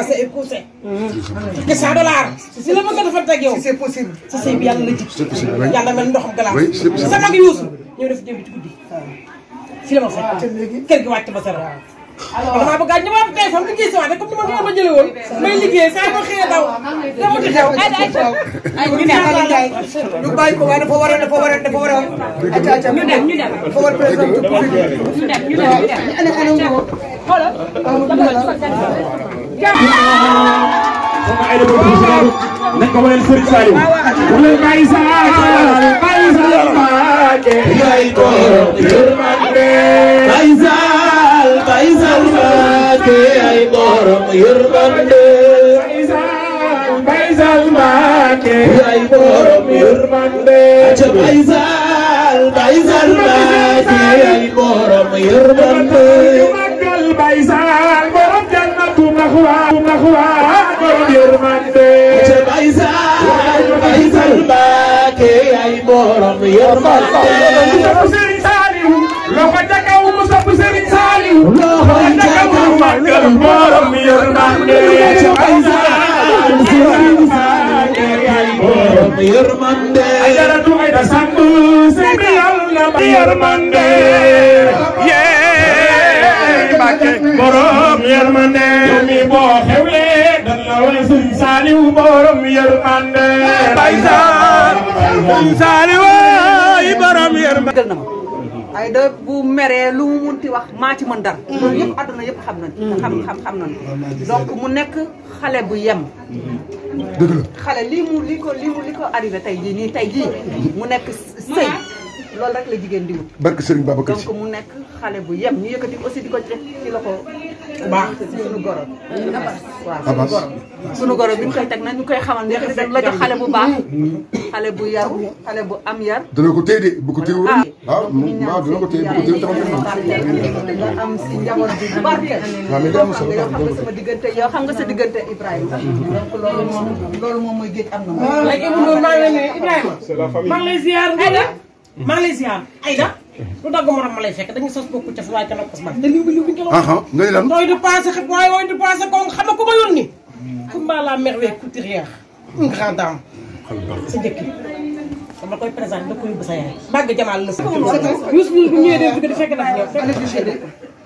français est poussé. que cent dollars. si la bëgg a defante ak yow. si c'est possible. sa sëy bi yàlla la jig. yàlla mel ndoxam galaas. oui c'est possible sa mag yuusu. ñëw def jëmbi ci guddi. fi la ma fekk. Ah, kër gi wàcc ba sa raw. alors damaa bëgg a ñu ma am téléphone bi gis waate comme ni ma ko ma jëlee woon. may liggéey saa ma xëyee daw. Ah, dama di xew ay ay taw. ay ñu ne ay ñu bàyyi ko waaye dafa war a dafa war a dafa war a. ñu dem ñu dem. dafa war a présenté ñu dem ñu dem ñu dem. soxna borom yërmande. Baye Sal Mbàkke yaay borom yor ma Serigne Saliou loxo ca kaw mu sopp Serigne Saliou loxo ca kaw màggal borom yor mande yor mande ajaratu ay da sant Serigne Yàlla ba yor mande yee Mbàkke borom yor mande mi boo xewlee dan la wala Serigne Saliou borom yor mande bay sa sëñ Saali waay borom na ma ay da bu meree lu mu ti wax maa ci mën dara loolu yëpp àdduna yëpp xam nañ mm. xam xam xam nañ donc mu nekk xale bu yem dëgg xale lii mu li lii mu li ko arrivé tey jii nii tey jii mu nekk sëy loolu rek la jigéen di wut barke Serigne Babacar donc mu nekk xale bu yem ñu yëkkati aussi di ko ci ci loxo baax suñu goro waaw suñu goro suñu goro bi ñu koy teg nag ñu koy xamal ne dañ la jox xale bu baax mm-hmm. xale bu yaru xale bu am yar dana ko téye de bu ko téye woon ah, ah waaw dana ko téye bu ko téye taxaw am si njaboot bi bu barke yoo xam nga yoo xam nga sama diggante yoo xam nga sa diggante Ibrahima mm-hmm. donc loolu moom loolu moom mooy géej am na ah, moom léegi Ibou Ndour maa ngi lay nuyu Ibrahima maa ngi lay ziar Aïda maa ngi lay ziar Aïda lu dagg morom ma lay fekk dañuy sos bokku ca fu ah, ah, waaye kenn kos man. te liw bi liw ku ma yónni. Coumba hmm. la merveille couturière. une grande dame. sa njëkk dama koy présenté da koy di fekk naa ñëw fekk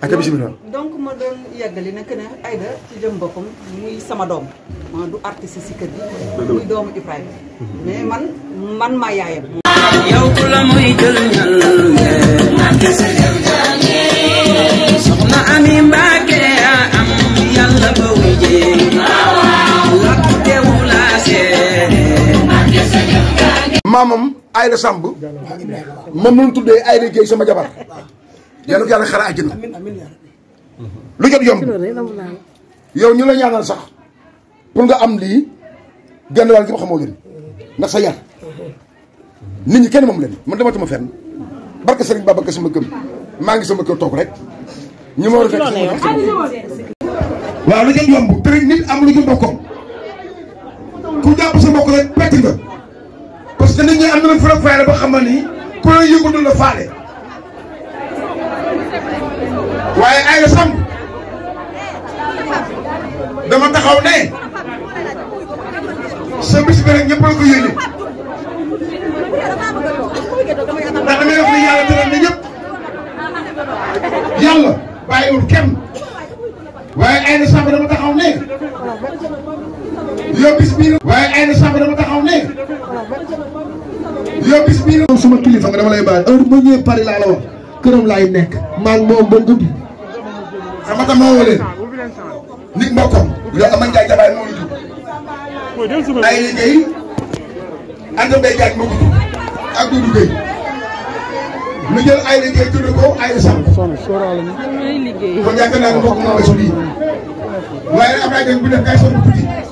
ak bisimilah donc ma doon yàggali nag ne Aïda ci jëm boppam muy sama doom ma du artiste si muy doomu Ibrahima mais man man yaayam yow la muy jël ñal mamam Ayda Samb moom la tuddé Ayda Gueye sama jabar yàlla yalla xara aljina lu jot yom yow ñu la ñaanal sax pour nga am li genn wal gi xamoo leen ndax sa yar nit ñi kenn mom leen man dama tuma fenn barka Serigne babak sama gem ma ngi sama kër tok rek ñu mo rek wa lu jot yomb te nit am lu jot bokkom ku japp sama bokk rek petit parce que nit ñi am nañu fu la faale ba xam ni ku la yëngu du la faale waaye Aïda Samb dama taxaw ne sa bis bi rek ñëpp la ko yéene ndax damay wax ni yàlla tëral na ñëpp yàlla kenn dama taxaw bis dama mais bis bii la suma kilifa nga dama lay bàyyi heure bu ñëwee Paris laa nekk maa moom ba guddi xam nga dama woo leen nit mbokkam yow Amady Ndiaye jabaay moo ay liggéey ànd mbay jaaj moo ko tudd ak Doudou Gueye lu jël ay liggéey tudd ko ay sàmm kon yaakaar naa ne mbokk moom la su lii waaye nag am naa bu def kay soxna tuuti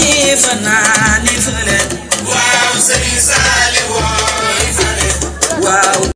ñi fa naa ni fële